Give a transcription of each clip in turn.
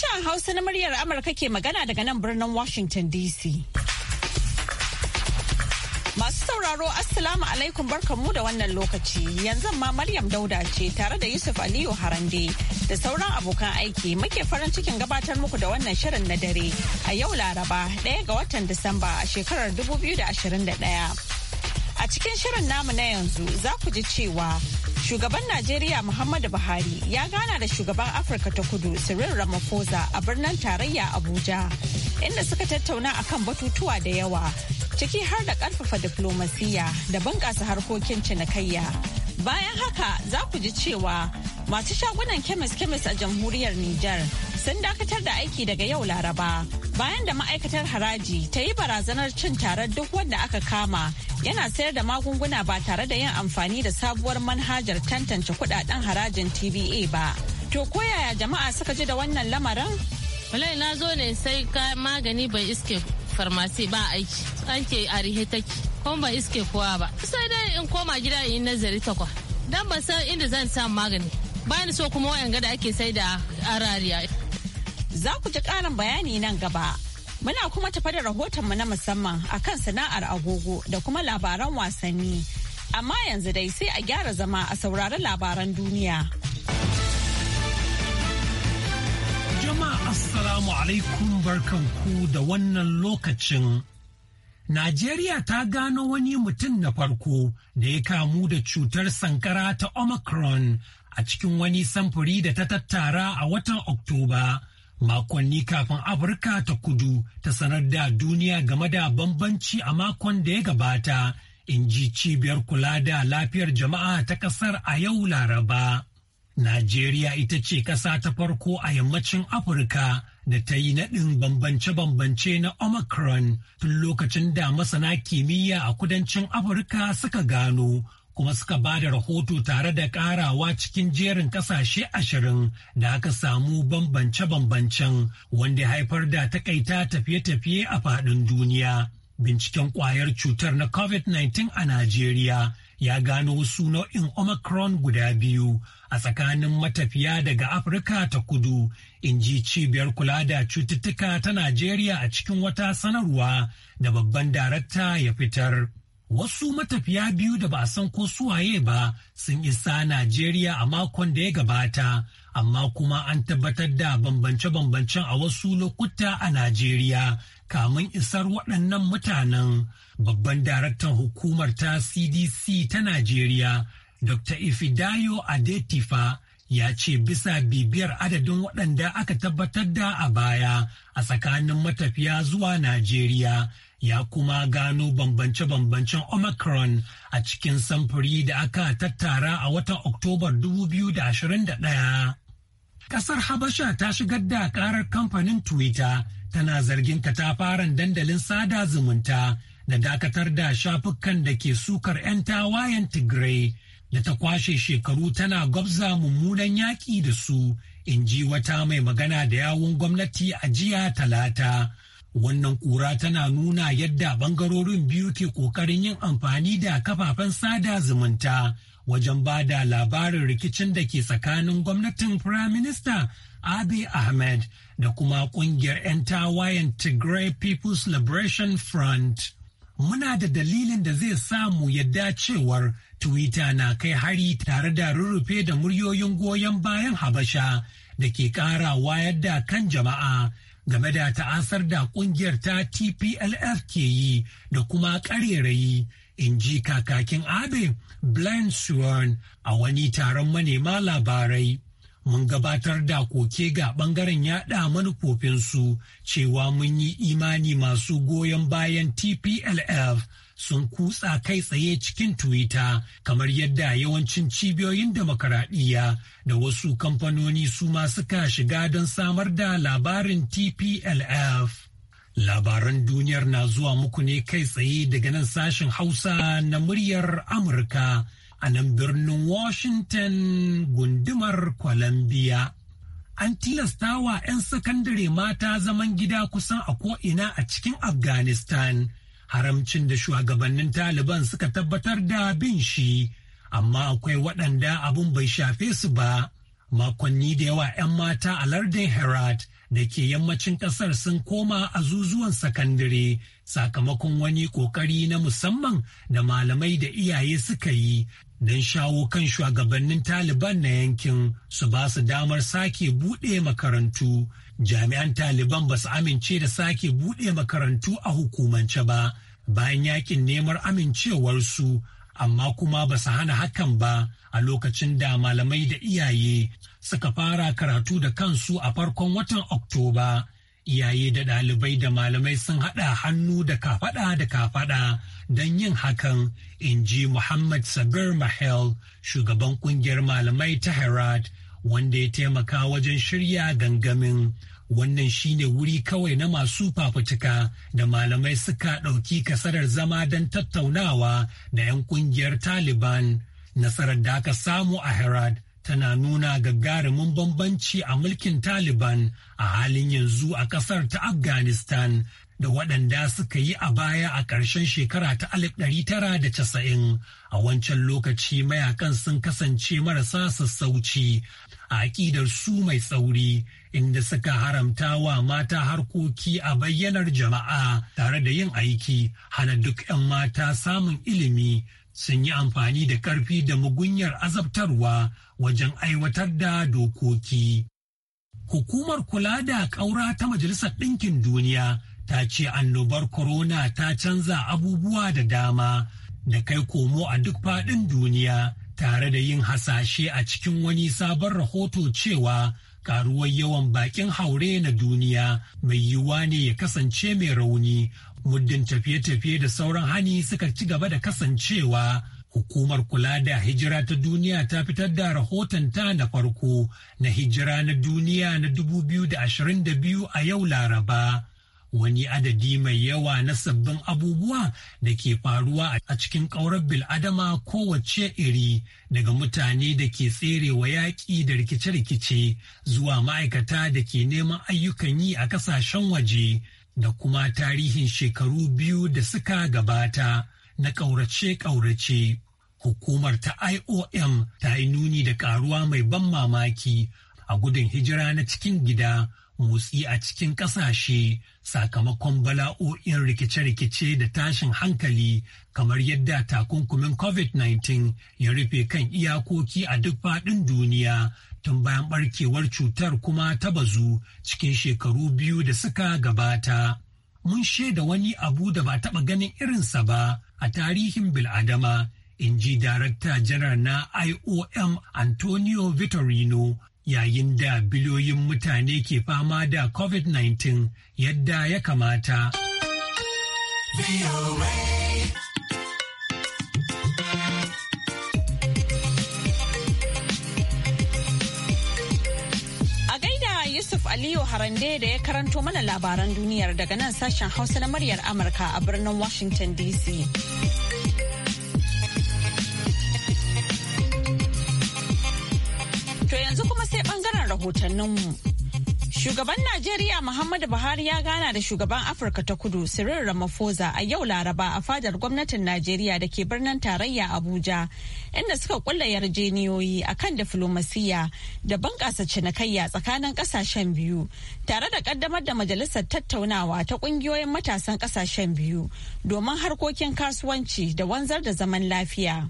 Sashen Hausa na muryar Amurka ke magana daga nan birnin Washington DC. Masu sauraro Assalamu alaikum barkanmu da wannan lokaci yanzu ma Maryam Dauda ce tare da Yusuf Aliyu Harande da sauran abokan aiki muke farin cikin gabatar muku da wannan shirin na dare a yau Laraba ɗaya ga watan Disamba a shekarar 2021. A cikin shirin namu na yanzu za ku ji cewa Shugaban Najeriya Muhammadu Buhari ya gana da shugaban Afirka ta kudu Cyril Ramaphosa a birnin tarayya Abuja, inda suka tattauna akan batutuwa da yawa, ciki har da karfafa diplomasiya da bunƙasa harkokin cinikayya. Bayan haka za ku ji cewa masu shagunan kemis-kemis a jamhuriyar Nijar sun dakatar da aiki daga yau Laraba bayan da ma'aikatar haraji ta yi barazanar cin tarar duk wanda aka kama yana sayar da magunguna ba tare da yin amfani da sabuwar manhajar tantance kudaden harajin TBA ba. To koyaya jama'a suka ji da wannan lamarin? Wallahi na zo ne sai magani bai iske farmasi ba aiki ake a take kuma ba iske kowa ba sai dai in koma gida in nazari takwa dan ba san inda zan sa magani bayan so kuma wayan gada ake sai da arariya za ku ji karin bayani nan gaba muna kuma tafa da rahotonmu na musamman akan sana'ar agogo da kuma labaran wasanni amma yanzu dai sai a gyara zama a saurari labaran duniya. Jama'a Assalamu alaikum barkanku da wannan lokacin. Najeriya ta gano wani mutum na farko da ya kamu da cutar sankara ta Omicron a cikin wani samfuri da ta tattara a watan Oktoba. Makonni kafin Afirka ta kudu ta sanar da duniya game da bambanci a makon da ya gabata, in ji cibiyar kula da lafiyar jama'a ta ƙasar a yau Laraba. Najeriya ita ce ƙasa ta farko a yammacin Afirka da ta yi naɗin bambance-bambance na Omicron tun lokacin da masana kimiyya a kudancin Afirka suka gano kuma suka ba da rahoto tare da ƙarawa cikin jerin ƙasashe ashirin da aka samu bambance-bambancen wanda haifar da takaita tafiye-tafiye a faɗin duniya. Binciken ƙwayar cutar na COVID-19 a Najeriya ya gano wasu nau'in Omicron guda biyu. a tsakanin matafiya daga Afirka ta kudu, in ji cibiyar kula da cututtuka ta Najeriya a cikin wata sanarwa da babban darakta ya fitar. Wasu matafiya biyu da ba a san ko suwaye ba sun isa Najeriya a makon da ya gabata, amma kuma an tabbatar da bambance-bambancen a wasu lokuta a Najeriya kamun isar waɗannan mutanen. Babban daraktan hukumar ta CDC ta Najeriya Dr. Ifidayo Adetifa ya ce bisa bibiyar adadin waɗanda aka tabbatar da a baya a tsakanin matafiya zuwa Najeriya ya kuma gano bambance-bambancen Omicron a cikin samfuri da aka tattara a watan Oktobar 2021. Kasar Habasha ta shigar da karar kamfanin Twitter tana zargin katafaren dandalin sada zumunta da dakatar da shafukan da ke sukar 'yan tawayen Tigray. da ta kwashe shekaru tana gwabza mummunan yaƙi da su in ji wata mai magana da yawun gwamnati a jiya talata wannan kura tana nuna yadda bangarorin biyu ke ƙoƙarin yin amfani da kafafen sada zumunta wajen ba da labarin rikicin da ke tsakanin gwamnatin firaminista abiy ahmed da kuma ƙungiyar 'yan tawayen tigray people's liberation front muna da dalilin da zai samu yadda cewar Twitter na kai hari tare da rurrufe da muryoyin goyon bayan Habasha da ke kara wayar da kan jama'a game da ta'asar da ƙungiyar ta TPLF ke yi da kuma karerayi in ji kakakin Abe Blind Swan a wani taron manema labarai. mun gabatar da koke ga bangaren yada manufofinsu cewa mun yi imani masu goyon bayan TPLF sun kutsa kai tsaye cikin Twitter kamar yadda yawancin cibiyoyin demokaradiyya da wasu kamfanoni su ma suka shiga don samar da labarin TPLF. Labaran duniyar na zuwa muku ne kai tsaye daga nan sashen Hausa na muryar Amurka a nan birnin Washington gundumar Columbia. an tilastawa 'yan sakandare mata zaman gida kusan a ko'ina a cikin afghanistan haramcin da shugabannin taliban suka tabbatar da bin shi amma akwai waɗanda abin bai shafe su ba makonni da yawa 'yan mata a lardin herat da ke yammacin ƙasar sun koma a zuzuwan sakandare sakamakon wani ƙoƙari na musamman da malamai da iyaye suka yi don shawo kan shugabannin taliban na yankin su ba su damar sake buɗe makarantu jami'an taliban ba su amince da sake buɗe makarantu a hukumance ba bayan yakin nemar amincewarsu amma kuma ba su hana hakan ba a lokacin da malamai da iyaye suka fara karatu da kansu a farkon watan oktoba iyaye da ɗalibai da malamai sun haɗa hannu da kafaɗa da kafaɗa don yin hakan in ji muhammad sabir mahel shugaban ƙungiyar malamai ta herat wanda ya taimaka wajen shirya gangamin wannan shine wuri kawai na masu fafutuka da malamai suka ɗauki kasarar zama don tattaunawa da 'yan ƙungiyar taliban nasarar da aka samu a herat tana nuna gagarumin bambanci a mulkin taliban a halin yanzu a ƙasar ta afghanistan da waɗanda suka yi a baya a ƙarshen shekara ta 1990 a wancan lokaci mayakan sun kasance marasa sassauci a aƙidar su mai tsauri inda suka haramta wa mata harkoki a bayyanar jama'a tare da yin aiki hana duk 'yan mata samun ilimi sun yi amfani da ƙarfi da mugunyar azabtarwa wajen aiwatar da dokoki. Hukumar kula da ƙaura ta Majalisar Ɗinkin Duniya ta ce annobar corona ta canza abubuwa da dama da kai komo a duk faɗin duniya tare da yin hasashe a cikin wani sabon rahoto cewa karuwar yawan bakin haure na duniya mai yiwuwa ne ya kasance mai rauni muddin tafiye-tafiye da sauran hani suka ci gaba da kasancewa hukumar kula da hijira ta duniya ta fitar da rahoton ta na farko na hijira na duniya na 2022 a yau laraba wani adadi mai yawa na sabbin abubuwa da ke faruwa a cikin ƙaurar bil'adama kowace iri daga mutane da ke tserewa yaƙi da rikice-rikice zuwa ma'aikata da ke neman ayyukan yi a ƙasashen waje da kuma tarihin shekaru biyu da suka gabata na ƙaurace-ƙaurace. Hukumar ta IOM ta yi nuni da ƙaruwa mai ban mamaki a gudun hijira na cikin gida motsi a cikin ƙasashe sakamakon bala'o'in rikice-rikice da tashin hankali kamar yadda takunkumin covid-19 ya rufe kan iyakoki a duk faɗin duniya tun bayan ɓarkewar cutar kuma ta bazu cikin shekaru biyu da suka gabata. Mun shaida wani abu da ba taɓa ganin irinsa ba a tarihin bil'adama in ji darakta janar na IOM Antonio Vitorino yayin da biliyoyin mutane ke fama da COVID-19 yadda ya kamata. Yusuf Aliyu Harande da ya karanto mana labaran duniyar daga nan sashen Hausa na muryar Amurka a birnin Washington DC. rahotanninmu. Shugaban Najeriya Muhammadu Buhari ya gana da shugaban Afirka ta kudu Cyril Ramaphosa a yau Laraba a fadar gwamnatin Najeriya da ke birnin tarayya Abuja inda suka kulla yarjeniyoyi akan diflomasiya da bunƙasa cinikayya tsakanin ƙasashen biyu tare da ƙaddamar da majalisar tattaunawa ta ƙungiyoyin matasan ƙasashen biyu domin harkokin kasuwanci da wanzar da zaman lafiya.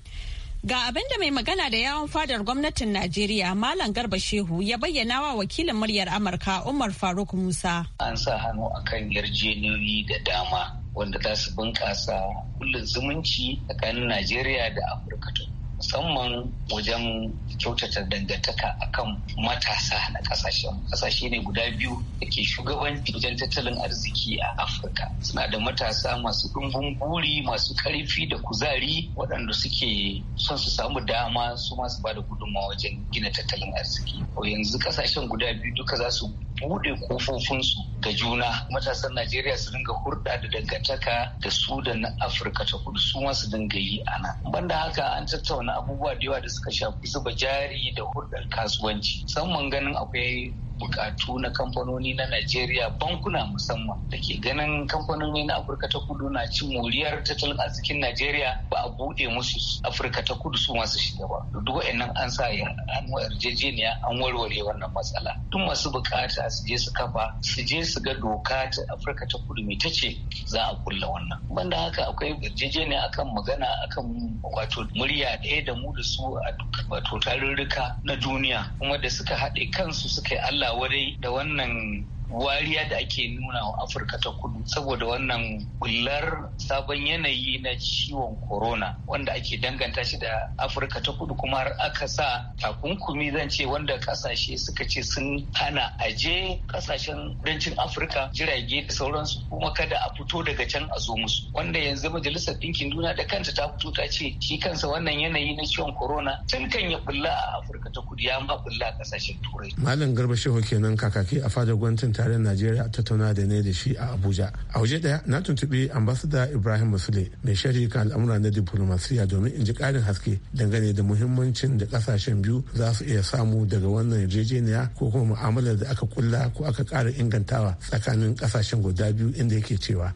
Ga abin da mai magana da yawon fadar gwamnatin Najeriya Malam Garba Shehu ya bayyana wa wakilin muryar Amurka Umar Faruk Musa. An sa hannu akan yarjejeniyoyi da dama wanda za su bunƙasa kullum zumunci tsakanin Najeriya da Afirka ta musamman wajen kyautata dangantaka akan matasa na kasashen kasashe ne guda biyu da ke shugabanci wajen tattalin arziki a afirka suna da matasa masu ɗumbin buri masu karfi da kuzari waɗanda suke son su samu dama su masu ba da gudunmawa wajen gina tattalin arziki yanzu kasashen guda biyu duka za su buɗe kofofinsu ga juna matasan najeriya su dinga hurɗa da dangantaka da su da na afirka ta kudu su ma su dinga yi a nan banda haka an tattauna abubuwa da yawa da suka shafi zuba jari da hurɗar kasuwanci musamman ganin akwai bukatu na kamfanoni na Najeriya bankuna musamman da ke ganin kamfanoni na Afirka ta Kudu na cin moriyar tattalin arzikin Najeriya ba a bude musu Afirka ta Kudu su masu shiga ba. Duk wa'annan an sa an yarjejeniya an warware wannan matsala. Duk masu bukata su je su kafa su je su ga doka ta Afirka ta Kudu mai ta ce za a kulla wannan. Banda haka akwai yarjejeniya akan magana akan wato murya ɗaya da mu da su a wato tarurruka na duniya kuma da suka haɗe kansu suka yi Allah Allah da wannan wariya da ake nuna wa afirka ta kudu saboda wannan bullar sabon yanayi na ciwon corona wanda ake danganta shi da afirka ta kudu kuma har aka sa takunkumi zan ce wanda kasashe suka ce sun hana aje kasashen kudancin afirka jirage da sauransu kuma kada a fito daga can a zo musu wanda yanzu majalisar ɗinkin duniya da kanta ta fito ta ce shi kansa wannan yanayi na ciwon corona tun kan ya bulla a afirka ta kudu ya ma bulla a kasashen turai malam garba shehu kenan kakaki a fadar gwamnatin tarayyar najeriya tattauna da ne da shi a abuja a waje daya na tuntuɓi ambasada ibrahim musule mai sharhi kan al'amura na diplomasiya domin in ji ƙarin haske dangane da muhimmancin da ƙasashen biyu za su iya samu daga wannan yarjejeniya ko kuma mu'amalar da aka kulla ko aka ƙara ingantawa tsakanin ƙasashen guda biyu inda yake cewa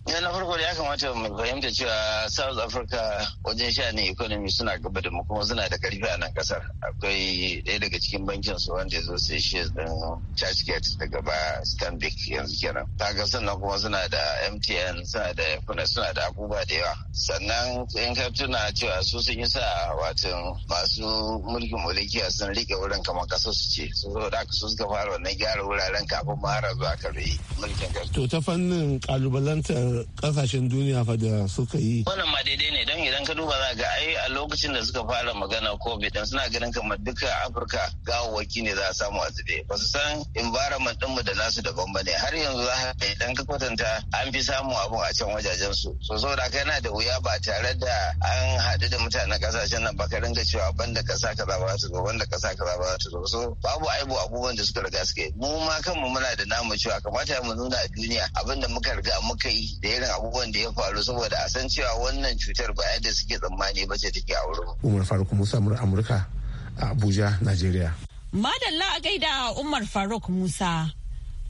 kamata mu fahimta cewa South Africa wajen sha'ani economy suna gaba da mu kuma suna da karfi a nan kasar. Akwai daya daga cikin bankin su wanda ya zo sai shi din Churchgate daga ba Stanbic yanzu kenan. ga sannan kuma suna da MTN suna da kuna suna da abubuwa da yawa. Sannan in ka tuna cewa su sun yi sa wato masu mulkin mulkiya sun rike wurin kamar kasar su ce. Su zo da su suka fara wannan gyara wuraren kafin mu zuwa kare mulkin kasar. To ta fannin kalubalantar kasashen kasashen duniya fa da suka yi wannan ma daidai ne don idan ka duba za ga ai a lokacin da suka fara magana covid din suna ganin kamar duka afirka gawawwaki ne za a samu a zube ba su san environment ɗinmu da nasu daban ba ne har yanzu za ka idan ka kwatanta an fi samun abun a can wajajen su so saboda haka yana da wuya ba tare da an haɗu da mutanen kasashen nan ba ka ringa cewa banda kasa kaza ba ta zo banda kasa kaza ba ta zo so babu aibu abubuwan da suka riga suke. mu ma kanmu muna da namu cewa kamata mu nuna a duniya abinda muka riga muka yi da irin abubuwan da ya faru saboda a san cewa wannan cutar ba yadda suke tsammani ba ce take a wurin. Umar Faruk Musa Amurka a Abuja, Najeriya. Madalla a gaida Umar Faruk Musa.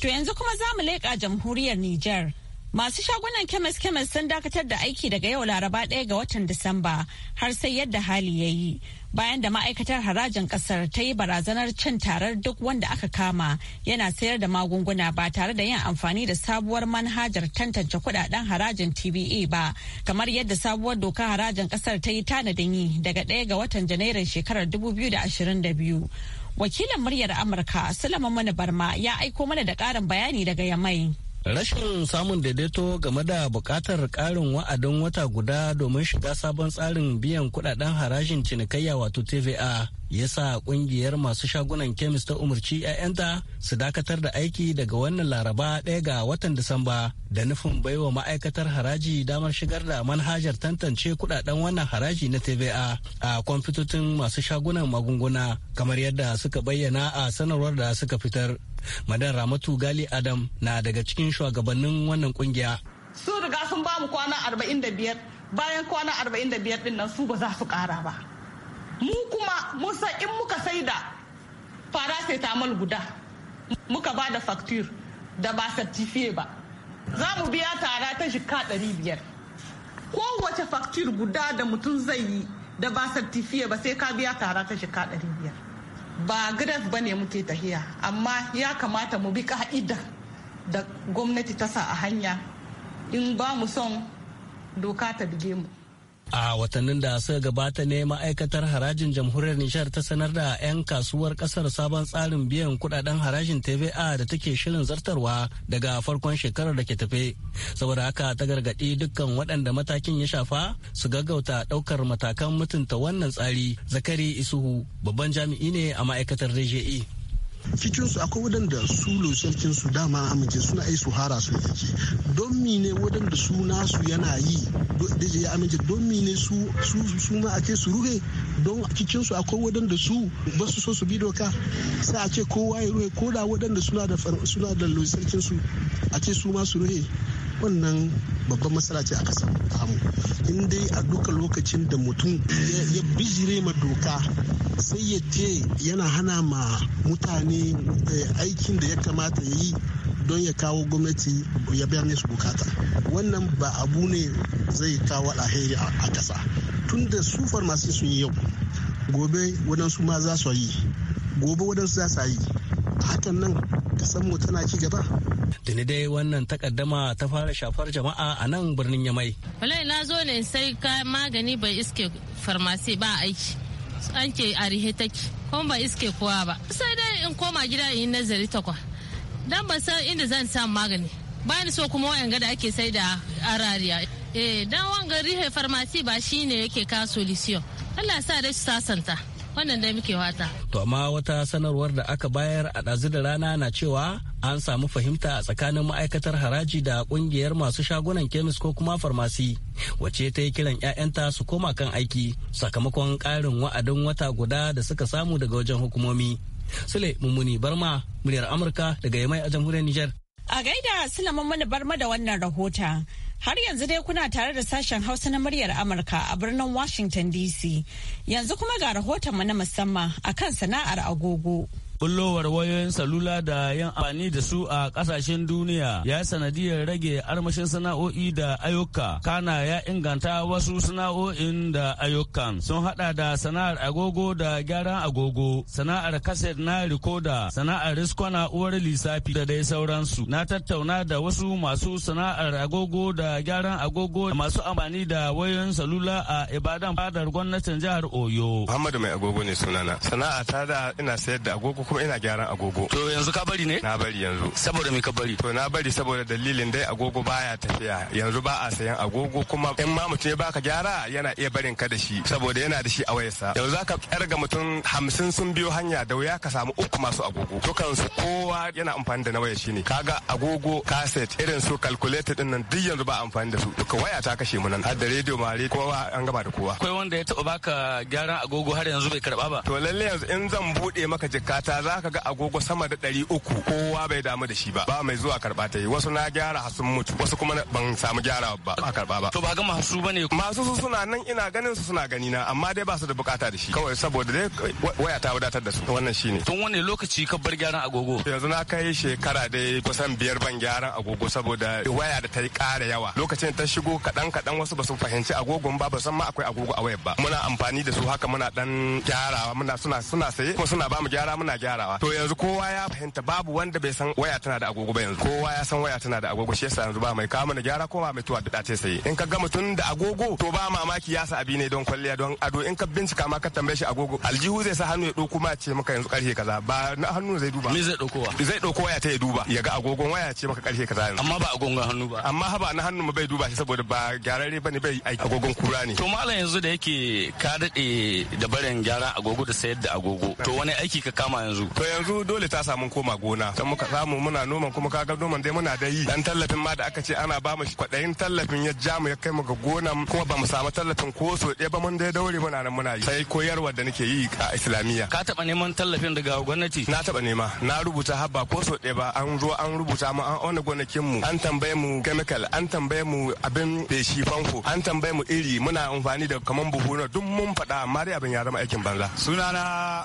To yanzu kuma za mu leƙa jamhuriyar Nijar. Masu shagunan kemis-kemis sun dakatar da aiki daga yau laraba ɗaya ga watan Disamba har sai yadda hali ya yi. Bayan da ma'aikatar harajin ƙasar ta yi barazanar cin tarar duk wanda aka kama yana sayar da magunguna ba tare da yin amfani da sabuwar manhajar tantance kudaden harajin TBA e ba, kamar yadda sabuwar doka harajin ƙasar ta yi tanadin yi daga ɗaya ga watan Janairun shekarar 2022. Wakilin muryar Amurka Sulaiman Mani Barma ya aiko mana da ƙarin bayani daga Yamai. Rashin samun daidaito game da bukatar ƙarin wa'adin wata guda domin shiga sabon tsarin biyan kudaden harajin cinikayya wato TVA ya sa ƙungiyar masu shagunan kemis ta umarci 'ya'yanta su dakatar da aiki daga wannan laraba ɗaya ga watan Disamba da nufin baiwa ma'aikatar haraji damar shigar da manhajar tantance kudaden wannan haraji na TVA a kwamfutocin masu shagunan magunguna kamar yadda suka bayyana a sanarwar da suka fitar. madan ramatu gali adam na daga cikin shugabannin wannan kungiya sun riga sun ba mu kwana 45 bayan kwana 45 din nan su ba za su kara ba mu kuma musa in muka sai da paracetamol guda muka ba da facture da ba certifiye ba za mu biya tara ta shika 500 kowace facture guda da mutum zai yi da ba certifiye ba sai ka biya tara ta shika biyar. ba gref ba ne muke tahiya amma ya kamata mu bi ka'ida da gwamnati ta sa a hanya in ba mu son doka ta buge mu A watannin da suka gabata ne ma'aikatar harajin jamhuriyar Nijar ta sanar da 'yan kasuwar kasar sabon tsarin biyan kudaden harajin TVA da take shirin zartarwa daga farkon shekarar da ke tafe. Saboda haka ta gargaɗi dukkan waɗanda matakin ya shafa su gaggauta ɗaukar matakan mutunta wannan tsari. Zakari Isuhu babban jami'i ne a ma'aikatar DJI. cikin su akwai wadanda su lusarkin su dama amince suna ai su hara su yake don ne wadanda su nasu yana yi da ya amince don ne su su ma ake su ruhe don cikin su akwai wadanda su ba su so su bi doka sai a ce kowa ya ruhe ko da wadanda suna da suna da su a ce su ma su ruhe wannan babban matsala ce a kasar tamu in dai a duka lokacin da mutum ya bijire ma doka sai ya ce yana hana ma mutane eh, aikin da ya kamata ya yi don ya kawo gwamnati ya biya su bukata wannan ba abu ne zai kawo alheri a kasa da su farmasi sun yi yau gobe wadansu ma za su yi gobe wadansu za su yi hakan nan kasanmu tana ci gaba tuni dai wannan takaddama ta fara shafar jama'a a nan birnin yamai wallahi na zo ne sai ka magani bai iske farmasi ba aiki an ke a rihe take kuma bai iske kowa ba sai dai in koma gida in nazari kwa dan ba san inda zan samu magani bayan so kuma wayan da ake sai da arariya eh dan wanga rihe farmasi ba shine yake ka solution Allah sa dai su sasanta wannan dai muke wata. To amma wata sanarwar da aka bayar a ɗazu da rana na cewa an samu fahimta a tsakanin ma'aikatar haraji da ƙungiyar masu shagunan kemis ko kuma farmasi Wace ta yi kiran 'ya'yanta su koma kan aiki sakamakon ƙarin wa'adin wata guda da suka samu daga wajen hukumomi. Sule Mummuni Barma, muryar Amurka daga Yamai a jamhuriyar Nijar. A gaida Sulaiman Mani Barma da wannan rahoton. Har yanzu dai kuna tare da sashen Hausa na muryar Amurka a birnin Washington DC. Yanzu kuma ga rahotonmu na musamman akan sana'ar agogo. Bullowar wayoyin salula da yin amfani da su a kasashen duniya ya sanadiyar rage armashin sana'o'i da ayyuka. Kana ya inganta wasu sana'o'in da ayyukan sun hada da sana'ar agogo da gyaran agogo, sana'ar kaset na rikoda, sana'ar riskona uwar lissafi da dai sauransu. Na tattauna da wasu masu sana'ar agogo da gyaran agogo da masu amfani da wayoyin salula a Ibadan fadar gwamnatin jihar Oyo. Muhammadu mai agogo ne sunana. Sana'a ta da ina sayar da agogo kuma ina gyaran agogo to yanzu ka bari ne na bari yanzu saboda me ka bari to na bari saboda dalilin dai agogo baya tafiya yanzu ba a sayan agogo kuma in ma mutum ya baka gyara yana iya barin ka da shi saboda yana da shi a wayarsa yanzu aka ga mutum hamsin sun biyo hanya da wuya ka samu uku masu agogo dukansu kowa yana amfani da na wayar shi ne kaga agogo kaset irin su calculator din nan duk yanzu ba amfani da su duka waya ta kashe mu nan har da rediyo mare kowa an gaba da kowa akwai wanda ya taɓa baka gyaran agogo har yanzu bai karba ba to lalle yanzu in zan buɗe maka jikata mota za ka ga agogo sama da ɗari uku kowa bai damu da shi ba ba mai zuwa karɓa ta yi wasu na gyara hasun mutu wasu kuma ban samu gyara ba ba karɓa ba. to ba ga masu ba ne. masu su suna nan ina ganin su suna gani na amma dai ba su da bukata da shi kawai saboda dai waya ta wadatar da su wannan shine. tun wani lokaci ka bar gyaran agogo. yanzu na kai shekara dai kusan biyar ban gyaran agogo saboda waya da ta yi ƙara yawa lokacin ta shigo kaɗan kaɗan wasu ba su fahimci agogon ba ba san ma akwai agogo a wayar ba muna amfani da su haka muna dan gyarawa muna suna suna saye kuma suna ba mu gyara muna gyarawa to yanzu kowa ya fahimta babu wanda bai san waya tana da agogo ba yanzu kowa ya san waya tana da agogo shi yasa yanzu ba mai kawo mana gyara ko ba mai tuwa da dace sai in ka ga tun da agogo to ba mamaki ya sa abi ne don kwalliya don ado in ka bincika ma ka tambaye shi agogo aljihu zai sa hannu ya dauko ma ce maka yanzu karfe kaza ba na hannu zai duba me zai dauko wa zai dauko waya ta ya duba ya ga agogon waya ce maka karfe kaza yanzu amma ba agogon hannu ba amma haba na hannu ma bai duba shi saboda ba gyararre bane bai aiki agogon kura ne to malam yanzu da yake ka dade da barin gyara agogo da sayar da agogo to wani aiki ka kama yanzu yanzu to yanzu dole ta samu koma gona kan muka samu muna noman kuma kaga noman dai muna da yi dan tallafin ma da aka ce ana ba mu kwaɗayin tallafin ya ja mu ya kai mu ga gona kuma ba mu samu tallafin ko so ɗaya ba mun dai daure muna nan muna yi sai koyarwa da nake yi a islamiyya ka taba neman tallafin daga gwamnati na taba nema na rubuta habba ko so ɗaya ba an zo an rubuta mu an auna gonakin mu an tambaye mu chemical an tambaye mu abin feshi fanko an tambaye mu iri muna amfani da kaman buhu na duk mun faɗa amma dai abin ya zama aikin banza sunana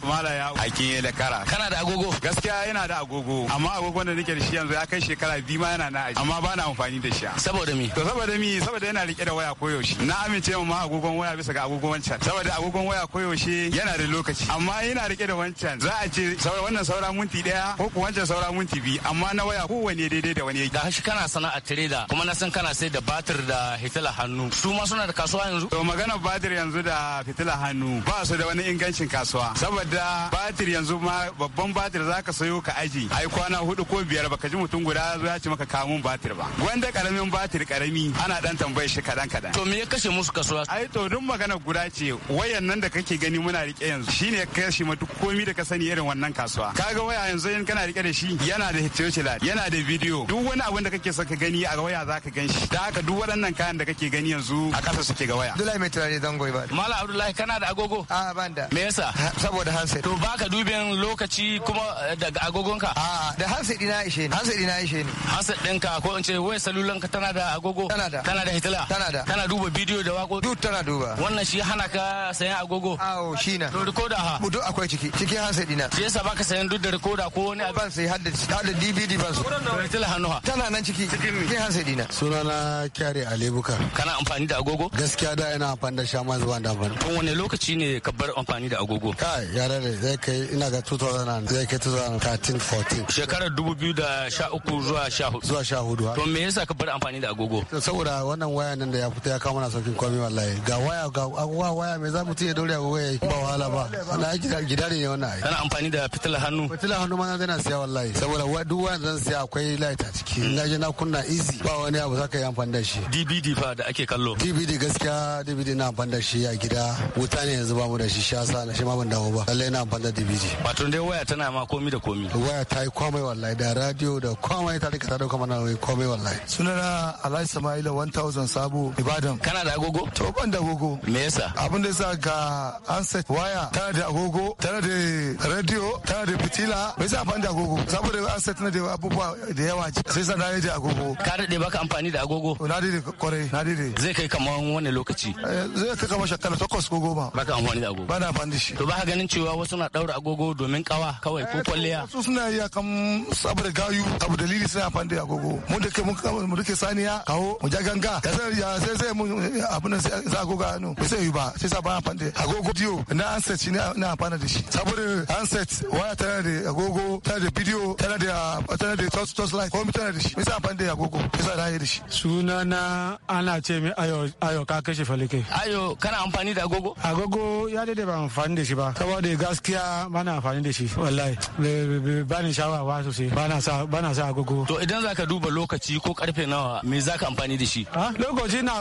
mala ya aikin da kara kana da agogo gaskiya yana da agogo amma agogon da nake da shi yanzu ya kai shekara biyu ma yana na aji amma ba na amfani da shi saboda mi to saboda mi saboda yana rike da waya koyaushe na amince ma agogon waya bisa ga agogon wancan saboda agogon waya koyaushe yana da lokaci amma yana rike da wancan za a ce saboda wannan saura minti daya ko ku wancan saura minti biyu amma na waya kowane daidai da wani yake da shi kana sana'a da kuma na san kana sai da batir da fitila hannu su ma suna da kasuwa yanzu to magana batir yanzu da fitila hannu ba su da wani ingancin kasuwa saboda batir yanzu ma babban batir za ka sayo ka aji ai kwana hudu ko biyar baka ji mutum guda ya ce maka kamun batir ba wanda karamin batir karami ana dan tambaye shi kadan kadan to me ya kashe musu kasuwa ai to duk magana guda ce wayan nan da kake gani muna rike yanzu shine ka kashe ma duk komai da ka sani irin wannan kasuwa kaga waya yanzu in kana rike da shi yana da hitocila yana da bidiyo duk wani abin da kake saka gani a waya za ka ganshi. da haka duk waɗannan kayan da kake gani yanzu a ƙasa suke ga waya dole mai turare goyi ba Mala Abdullahi kana da agogo a banda me yasa saboda hansa to baka duben lokaci lokaci kuma eh, daga agogonka? A da hansa dina ishe ni. Hansa dina ishe ni. Hansa ɗinka ko in ce wai salulanka tana da agogo? Tana da. Tana da hitila? Tana da. Tana duba bidiyo da wako? Duk tana duba. Wannan shi hana ka sayan agogo? Awo shi na. To rikoda ha? Duk akwai ciki. Ciki hansa dina. Shi yasa baka sayan duk da rikoda ko wani abu? Ban sai har da DVD ban su. Hitila hannu ha? Tana nan ciki. Cikin mi? Ciki hansa dina. Sunana Kyare Alebuka. Kana amfani da agogo? Gaskiya da ina amfani da shama zuwa da amfani. Tun wani lokaci ne ka bar amfani da agogo? Kai yara ne zai kai ina ga 2000 2013-14 shekarar 2013 zuwa 14 zuwa 14 to me yasa ka bar amfani da agogo saboda wannan waya nan da ya fita ya kama na saukin komai wallahi ga waya ga agogo waya me za mutum ya daure agogo ya ba wahala ba na gida ne wannan ai kana amfani da fitilar hannu fitilar hannu ma zan siya wallahi saboda duk waya zan siya akwai light a ciki in je na kunna easy ba wani abu zaka yi amfani da shi dvd fa da ake kallo dvd gaskiya dvd na amfani da shi a gida wuta ne yanzu ba mu da shi shi yasa na shi ma ban dawo ba lallai na amfani da dvd wato yanzu dai waya tana ma komi da komi waya ta yi komai wallahi da radio da komai ta rika ta dauka mana wai komai wallahi sunana alhaji samaila 1000 sabo ibadan kana da agogo to ban da agogo me yasa abin da yasa ga handset waya tana da agogo tana da radio tana da fitila me yasa ban da agogo saboda handset tana da abubuwa da yawa sai sa na yi da agogo ka dade baka amfani da agogo na dade kwarai na dade zai kai kaman wani lokaci eh, zai kai kamar shekara takwas ko goma baka amfani da agogo ba na amfani da shi to ba ganin cewa wasu na daura agogo domin domin kawa kawai ko kwalliya eh, su suna iya kan saboda gayu abu dalili sai a fanda agogo mu da ke mu rike saniya kawo mu ja ganga ka sai ya sai sai mu abin sai za agogo hannu ba sai yi ba sai sa ba fanda agogo bidiyo na anset ne na fanda da shi saboda anset waya tana da agogo tana da bidiyo tana da tana da touch touch light ko tana da shi sai a fanda agogo sai sa da shi suna na ana ce mai ayo ayo ka kashe falike ayo kana amfani da agogo agogo ya dade ba amfani da shi ba saboda gaskiya ba amfani da da shi wallahi ba ni shawawa sosai ba na ba na sa agogo to idan zaka duba lokaci ko karfe nawa me zaka amfani da shi a ah, lokaci na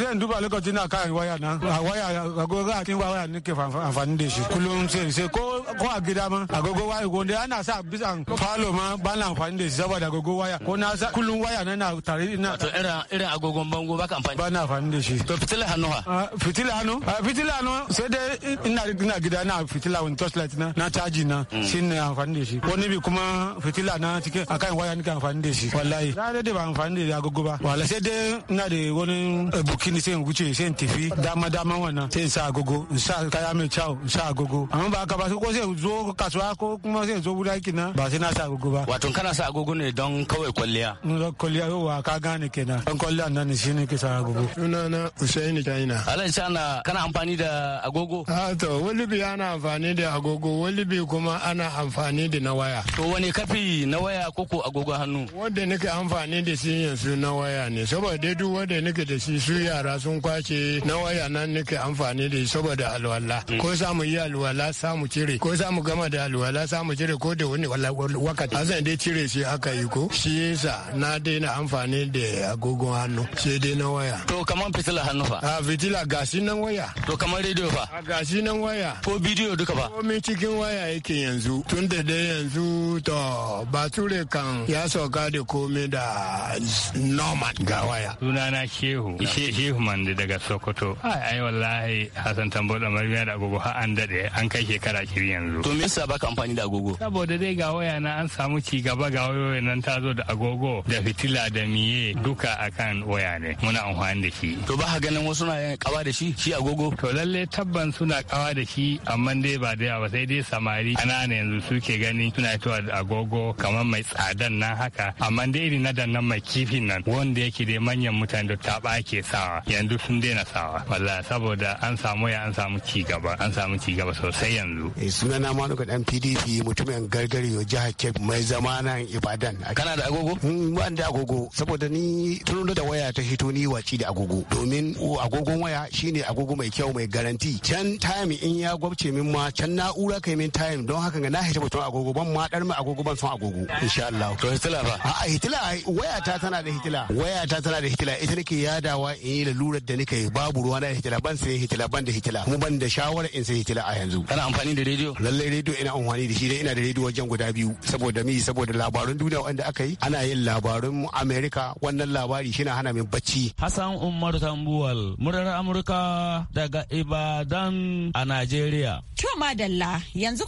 zan duba lokaci na kan waya na waya agogo a cikin waya nake amfani da shi kullum sai sai ko ko a gida ma agogo waya gonde ana sa bisan falo ma ba na amfani da shi saboda agogo waya ko na sa kullum waya na na tare na to irin irin agogon bango baka amfani ba na amfani da shi to fitila hannu ha ah, fitila hannu ah, fitila hannu sai dai ina gida na fitila wani torchlight na na caji na mm. shi ne amfani da shi ko ni bi kuma fitila na cikin akan waya ni ka amfani da shi wallahi na dai ba amfani da agogo ba wala sai dai ina da wani eh, bukini sai in wuce sai in tafi dama dama wannan sai in sa agogo in sa kaya mai kyau in sa agogo amma ba ka ba ko sai zo kasuwa ko kuma sai zo wurin aiki na ba sai na sa agogo ba wato kana sa agogo ne don kawai kwalliya zo kwalliya wa ka gane kenan don kwalliya nan ne ne ke sa agogo sunana Usaini China Allah sana kana amfani da agogo a ah, to wani biya na amfani da agogo wani kafi kuma ana amfani da na waya. To wani kafi na waya koko agogo hannu? Wanda nake amfani da shi yanzu na waya ne saboda duk wanda nake da shi su yara sun kwace na waya nan nake amfani da shi saboda alwala. Mm. Ko samu yi alwala samu cire ko samu gama da alwala samu cire ko da wani wakati. zan dai cire shi aka yi ko shi yasa na daina amfani da agogo hannu sai dai na waya. To kamar fitila hannu fa? A fitila gashi nan waya. To kamar rediyo fa? A gashi nan waya. Ko bidiyo duka fa? Komi cikin waya. ya yake yanzu tun da dai yanzu to bature kan ya sauka da komai da normal ga waya sunana shehu shehu mandi daga sokoto ai wallahi hasan tambo da mariya da agogo har an dade an kai shekara kiri yanzu to me yasa baka amfani da agogo saboda dai ga waya na an samu ci gaba ga wayoyin nan ta zo da agogo da fitila da miye duka akan waya ne muna amfani da shi to ba ka ganin wasu na kawa da shi shi agogo to lalle tabban suna kawa da shi amma dai ba da yawa sai dai sama samari ƙanana yanzu suke gani suna fitowa agogo kamar mai tsadan nan haka amma dai irin na dan nan mai kifin nan wanda yake dai manyan mutane da taɓa ke sawa yanzu sun daina sawa wala saboda an samu ya an samu ci gaba an samu ci gaba sosai yanzu. Eh sunana nuka dan PDP mutumin gargari yo jihar Kebbi mai zama nan Ibadan. Kana da agogo? Mm, ban da agogo saboda ni tun da waya ta hito ni waci da agogo domin agogon waya shine agogo mai kyau mai garanti can time in ya gwabce min ma can na'ura kai min time don haka ga na hita batun agogo ban ma dar mai agogo ban son agogo insha Allah to hitila ba a hitila waya ta tana da hitila waya ta tana da hitila ita nake yadawa in yi lalurar da nake babu ruwa na hitila ban sai hitila ban da hitila kuma ban da shawara in sai hitila a yanzu kana amfani da rediyo lalle rediyo ina amfani da shi dai ina da rediyo wajen guda biyu saboda mi saboda labarun duniya wanda aka yi ana yin labarun America wannan labari shi na hana min bacci Hassan Umar Tambuwal murar Amurka daga Ibadan a Najeriya to madalla yanzu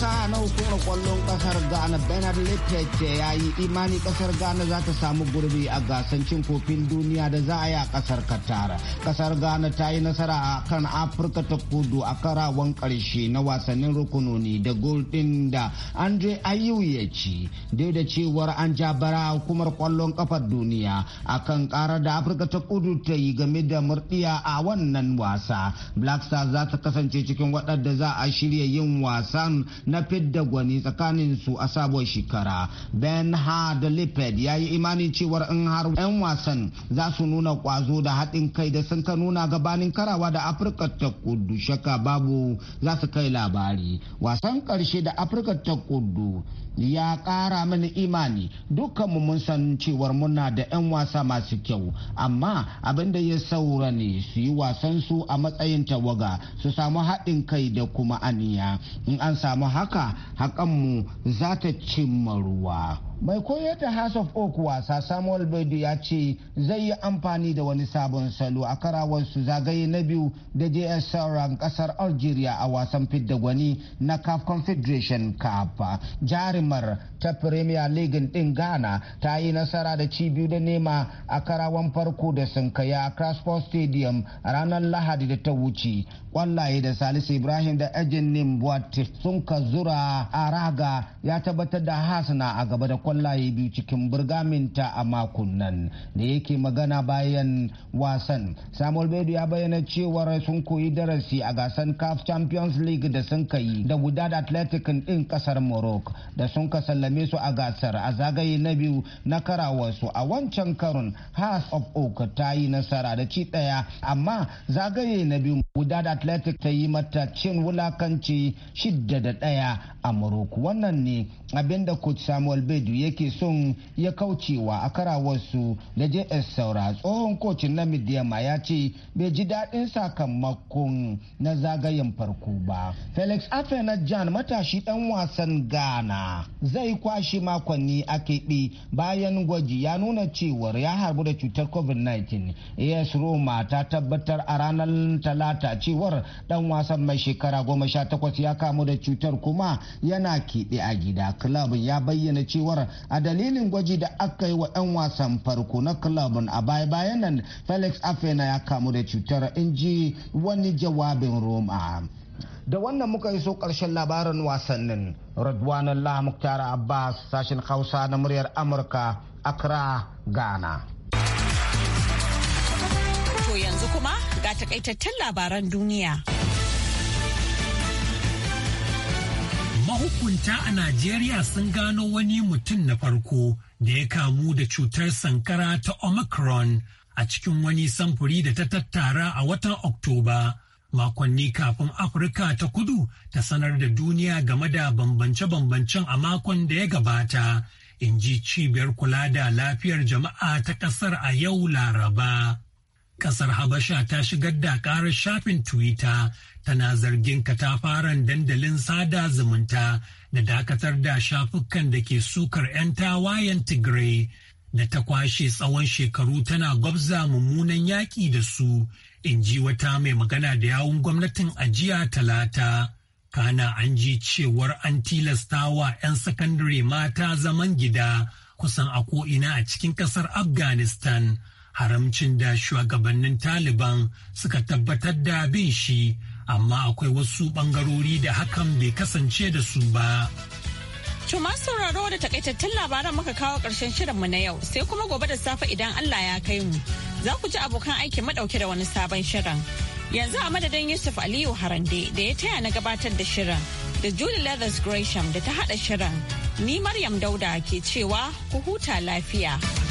Haka na hukumar kwallon kasar Ghana Bernard Lepete ya yi imani kasar Ghana za ta samu gurbi a gasar cin kofin duniya da za a yi a kasar Katara. Kasar Ghana ta yi nasara a kan Afirka ta kudu a karawan karshe na wasannin rukunoni da gol da Andre Ayew ya ci. Dai da cewar an jabara hukumar kwallon kafar duniya a kan karar da Afirka ta kudu ta yi game da murɗiya a wannan wasa. Black Stars za ta kasance cikin waɗanda za a shirya yin wasan na fidda gwani tsakanin su a sabon shekara ben hard lipid ya yi imanin cewar in har 'yan wasan za su nuna kwazo da haɗin kai da sun ka nuna gabanin karawa da afirka ta kudu shaka babu za su kai labari wasan ƙarshe da afirka ta kudu ya ƙara mini imani dukkanmu mun san cewar muna da 'yan wasa masu kyau amma abin da ya saura ne su yi wasan su a matsayin tawaga su samu haɗin kai da kuma aniya in an samu haka haƙanmu za ta cimma ruwa mai koyar da house of oak wasa samuel bedu ya ce zai yi amfani da wani sabon salo a karawar su zagaye na biyu da jsr sauran kasar algeria a wasan fidda gwani na caf confederation cup jarumar ta premier league din ghana ta yi nasara da cibiyu da nema a karawan farko da sinkaya a crossport stadium ranar lahadi da ta wuce kwallaye da salisu ibrahim da ejin nimbuat sun ka zura a raga ya tabbatar da hasana a gaba da kwallaye biyu cikin burgaminta a makon nan da yake magana bayan wasan samuel bedu ya bayyana cewa sun koyi darasi a gasan caf champions league da sun kai da wudad athletic din kasar morocco da sun ka sallame su a gasar a zagaye na biyu na karawarsu a wancan karon hearts of oak ta yi nasara da ci daya amma zagaye na biyu wudad athletic ta yi mata cin wulakanci shidda da daya a morocco wannan ne abinda coach samuel bedu yake son ya kaucewa a karawarsu da js saura tsohon kocin na midiyama ya ce bai ji daɗin sakamakon na zagayen farko ba felix jan matashi ɗan wasan ghana zai kwashe makonni a keɓe bayan gwaji ya nuna cewar ya harbu da cutar covid-19 as roma ta tabbatar a ranar talata cewar ɗan wasan mai shekara goma sha takwas ya kamu da cutar kuma yana keɓe a gida club ya bayyana cewar a dalilin gwaji da aka yi wa 'yan wasan farko na clubin a baya-bayan nan felix afena ya kamu da cutar in ji wani jawabin roma da wannan muka iso karshen labarin wasannin radwan allah Abba abbas sashen hausa na muryar amurka accra ghana to yanzu kuma ga takaitattun labaran duniya Mahukunta a Najeriya sun gano wani mutum na farko da ya kamu da cutar sankara ta Omicron a cikin wani samfuri da ta tattara a watan Oktoba. Makonni kafin Afirka ta kudu ta sanar da duniya game da bambance-bambancen a makon da ya gabata, in ji cibiyar kula da lafiyar jama'a ta ƙasar a yau Laraba. Ƙasar Habasha ta shigar da karar shafin Twitter tana zargin katafaren dandalin sada zumunta da dakatar da shafukan da ke sukar 'yan tawayen Tigray da ta kwashe tsawon shekaru tana gwabza mummunan yaƙi da su, in ji wata mai magana da yawun gwamnatin ajiya talata. Kana an ji cewar an tilastawa 'yan sakandare mata zaman gida kusan a ko'ina a cikin ƙasar Afghanistan. haramcin da shugabannin taliban suka tabbatar da bin shi amma akwai wasu bangarori da hakan bai kasance da su ba. Tuma sauraro da takaitattun labaran muka kawo ƙarshen shirinmu na yau sai kuma gobe da safe idan Allah ya kai mu. Za ku ji abokan aiki madauke da wani sabon shirin. Yanzu a madadin Yusuf Aliyu Harande da ya taya na gabatar da shirin da Julie Leathers Gresham da ta hada shirin. Ni Maryam Dauda ke cewa ku huta lafiya.